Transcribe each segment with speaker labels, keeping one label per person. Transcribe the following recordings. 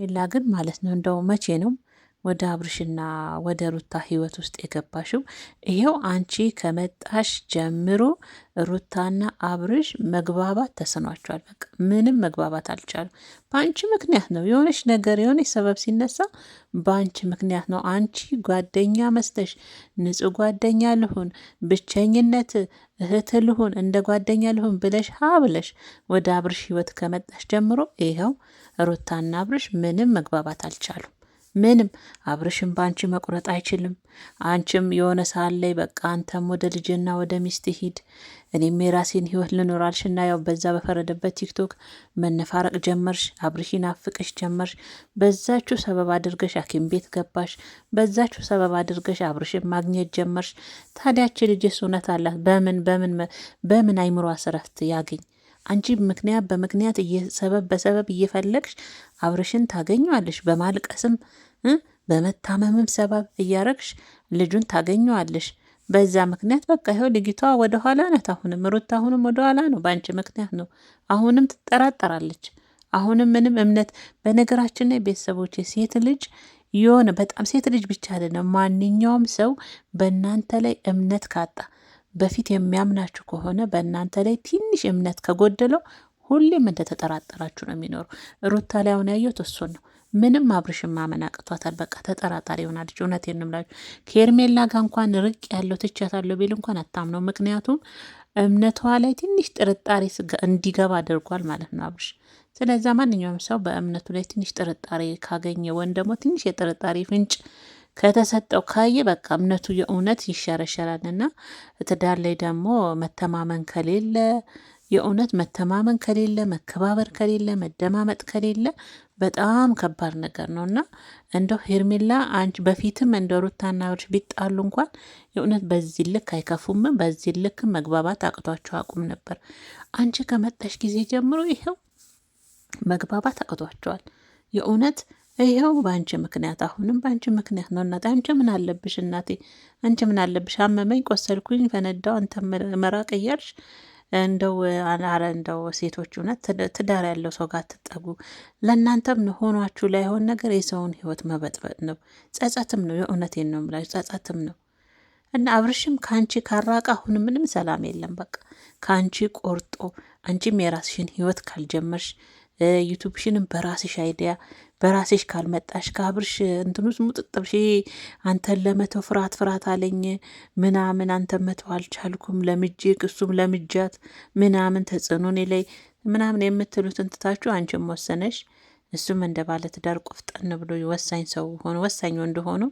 Speaker 1: ቢላ ግን ማለት ነው እንደው መቼ ነው ወደ አብርሽና ወደ ሩታ ህይወት ውስጥ የገባሽው ይኸው አንቺ ከመጣሽ ጀምሮ ሩታና አብርሽ መግባባት ተስኗቸዋል። በቃ ምንም መግባባት አልቻሉም። በአንቺ ምክንያት ነው። የሆነች ነገር የሆነች ሰበብ ሲነሳ በአንቺ ምክንያት ነው። አንቺ ጓደኛ መስለሽ ንጹህ ጓደኛ ልሁን፣ ብቸኝነት እህት ልሁን፣ እንደ ጓደኛ ልሁን ብለሽ ሀ ብለሽ ወደ አብርሽ ህይወት ከመጣሽ ጀምሮ ይኸው ሩታና አብርሽ ምንም መግባባት አልቻሉም። ምንም አብርሽም በአንቺ መቁረጥ አይችልም። አንቺም የሆነ ሰዓት ላይ በቃ አንተም ወደ ልጅና ወደ ሚስት ሂድ፣ እኔም የራሴን ህይወት ልኖራልሽና ያው በዛ በፈረደበት ቲክቶክ መነፋረቅ ጀመርሽ። አብርሽን አፍቅሽ ጀመርሽ። በዛችሁ ሰበብ አድርገሽ ሐኪም ቤት ገባሽ። በዛችሁ ሰበብ አድርገሽ አብርሽን ማግኘት ጀመርሽ። ታዲያች ልጅስ እውነት አላት። በምን በምን በምን አይምሮ እረፍት ያገኝ? አንቺ ምክንያት በምክንያት ሰበብ በሰበብ እየፈለግሽ አብርሽን ታገኘዋለሽ። በማልቀስም በመታመምም ሰበብ እያረግሽ ልጁን ታገኘዋለሽ። በዛ ምክንያት በቃ ይኸው ልጅቷ ወደኋላ ናት። አሁንም ሩት አሁንም ወደኋላ ነው፣ በአንቺ ምክንያት ነው። አሁንም ትጠራጠራለች። አሁንም ምንም እምነት በነገራችን ላይ ቤተሰቦች ሴት ልጅ የሆነ በጣም ሴት ልጅ ብቻ አይደለም ማንኛውም ሰው በእናንተ ላይ እምነት ካጣ በፊት የሚያምናችሁ ከሆነ በእናንተ ላይ ትንሽ እምነት ከጎደለው ሁሌም እንደተጠራጠራችሁ ነው የሚኖረው። ሩታ ላይ አሁን ያየሁት እሱን ነው። ምንም አብርሽን ማመን አቅቷታል። በቃ ተጠራጣሪ ሆናለች። እውነት የንምላችሁ ከኤርሜላ ጋር እንኳን ርቅ ያለው ትቻታለሁ ቢል እንኳን አታምነው። ምክንያቱም እምነቷ ላይ ትንሽ ጥርጣሬ እንዲገባ አድርጓል ማለት ነው አብርሽ። ስለዚ ማንኛውም ሰው በእምነቱ ላይ ትንሽ ጥርጣሬ ካገኘ ወይም ደግሞ ትንሽ የጥርጣሬ ፍንጭ ከተሰጠው ካየ በቃ እምነቱ የእውነት ይሸረሸራል። እና ትዳር ላይ ደግሞ መተማመን ከሌለ የእውነት መተማመን ከሌለ መከባበር ከሌለ መደማመጥ ከሌለ በጣም ከባድ ነገር ነው እና እንደው ሄርሜላ አንቺ በፊትም እንደ ሩታና አብርሽ ቢጣሉ እንኳን የእውነት በዚህ ልክ አይከፉምም፣ በዚህ ልክ መግባባት አቅቷቸው አቁም ነበር። አንቺ ከመጣሽ ጊዜ ጀምሮ ይኸው መግባባት አቅቷቸዋል የእውነት ይኸው በአንቺ ምክንያት አሁንም በአንቺ ምክንያት ነው እናቴ። አንቺ ምን አለብሽ እናቴ? አንቺ ምን አለብሽ? አመመኝ፣ ቆሰልኩኝ፣ ፈነዳው፣ አንተ መራቅ እያልሽ እንደው አረ እንደው ሴቶች እውነት ትዳር ያለው ሰው ጋር ትጠጉ። ለእናንተም ሆኗችሁ ላይሆን ነገር የሰውን ህይወት መበጥበጥ ነው፣ ጸጸትም ነው። የእውነቴን ነው የምላችሁ፣ ጸጸትም ነው። እና አብርሽም ከአንቺ ካራቀ አሁን ምንም ሰላም የለም። በቃ ከአንቺ ቆርጦ አንቺም የራስሽን ህይወት ካልጀመርሽ ዩቱብሽንም በራስሽ አይዲያ በራሴሽ ካልመጣሽ ከአብርሽ እንትኑስ ሙጥጥብሽ አንተን ለመተው ፍርሃት ፍርሃት አለኝ ምናምን አንተ መተው አልቻልኩም ለምጄ እሱም ለምጃት ምናምን ተጽዕኖ እኔ ላይ ምናምን የምትሉት እንትታችሁ አንቺም ወሰነሽ እሱም እንደ ባለትዳር ቆፍጠን ብሎ ወሳኝ ሰው ሆኖ ወሳኝ ወንድ ሆኖ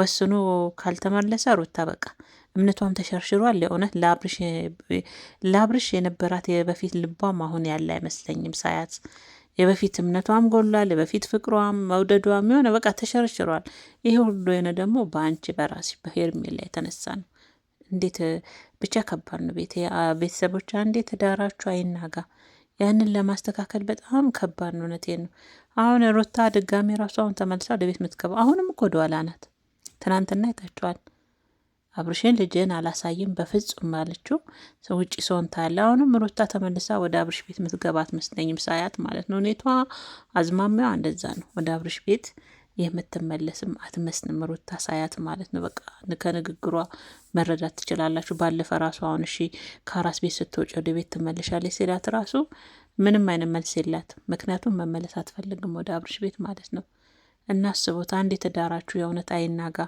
Speaker 1: ወስኖ ካልተመለሰ ሩታ በቃ እምነቷም ተሸርሽሯል። የእውነት ለአብርሽ የነበራት የበፊት ልቧም አሁን ያለ አይመስለኝም ሳያት የበፊት እምነቷም ጎሏል። የበፊት ፍቅሯም መውደዷም የሆነ በቃ ተሸርሽሯል። ይሄ ሁሉ የሆነ ደግሞ በአንቺ በራስሽ በሄርሜላ የተነሳ ነው። እንዴት ብቻ ከባድ ነው። ቤተሰቦች አንዴ ትዳራችሁ አይናጋ። ያንን ለማስተካከል በጣም ከባድ ነው። እውነቴን ነው። አሁን ሩታ ድጋሜ ራሱ አሁን ተመልሳ ወደ ቤት ምትገባ አሁንም እኮ ወደኋላ ናት። ትናንትና አይታችኋል። አብርሽን ልጅን አላሳይም በፍጹም አለችው። ውጭ ሰውን ታለ። አሁንም ሩታ ተመልሳ ወደ አብርሽ ቤት ምትገባ አትመስለኝም ሳያት ማለት ነው። ሁኔቷ አዝማሚያዋ እንደዛ ነው። ወደ አብርሽ ቤት የምትመለስም አትመስልም ሩታ ሳያት ማለት ነው። በቃ ከንግግሯ መረዳት ትችላላችሁ። ባለፈ ራሱ አሁን እሺ ከአራስ ቤት ስትወጪ ወደ ቤት ትመለሻለች ሲላት ራሱ ምንም አይነት መልስ የላት ምክንያቱም መመለስ አትፈልግም ወደ አብርሽ ቤት ማለት ነው። እናስቦት። አንድ የተዳራችሁ የእውነት አይናጋ።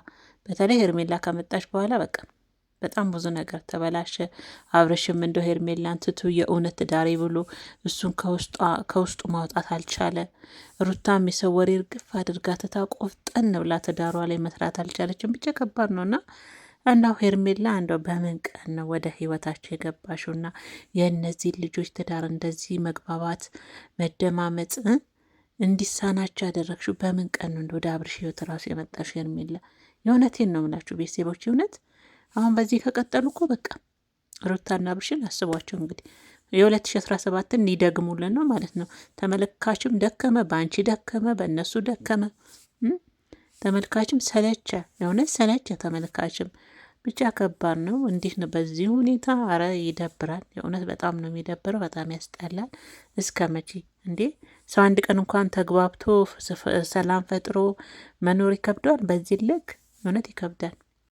Speaker 1: በተለይ ሄርሜላ ከመጣች በኋላ በቃ በጣም ብዙ ነገር ተበላሸ። አብረሽም እንደው ሄርሜላን ትቱ የእውነት ዳሬ ብሎ እሱን ከውስጡ ማውጣት አልቻለ። ሩታም የሰው ወሬ እርግፍ አድርጋ ትታ ቆፍጠን ብላ ትዳሯ ላይ መስራት አልቻለችም። ብቻ ከባድ ነውና እንዳው ሄርሜላ እንደው በምን ቀን ነው ወደ ህይወታቸው የገባሽውና የእነዚህ ልጆች ትዳር እንደዚህ መግባባት መደማመጥ እንዲሳናቸው ያደረግሽው በምን ቀን ነው? እንደ ወደ አብርሽ ህይወት ራሱ የመጣሽ ሄርሜላ፣ የእውነቴን ነው ምላችሁ ቤተሰቦች፣ እውነት አሁን በዚህ ከቀጠሉ እኮ በቃ ሩታና አብርሽን አስቧቸው እንግዲህ የ2017ን ሊደግሙልን ነው ማለት ነው። ተመልካችም ደከመ፣ በአንቺ ደከመ፣ በእነሱ ደከመ፣ ተመልካችም ሰለቸ፣ የእውነት ሰለቸ ተመልካችም ብቻ ከባድ ነው። እንዲህ ነው በዚህ ሁኔታ አረ ይደብራል። የእውነት በጣም ነው የሚደብረው። በጣም ያስጠላል። እስከ መቼ እንዴ ሰው አንድ ቀን እንኳን ተግባብቶ ሰላም ፈጥሮ መኖር ይከብደዋል። በዚህ ልክ እውነት ይከብዳል።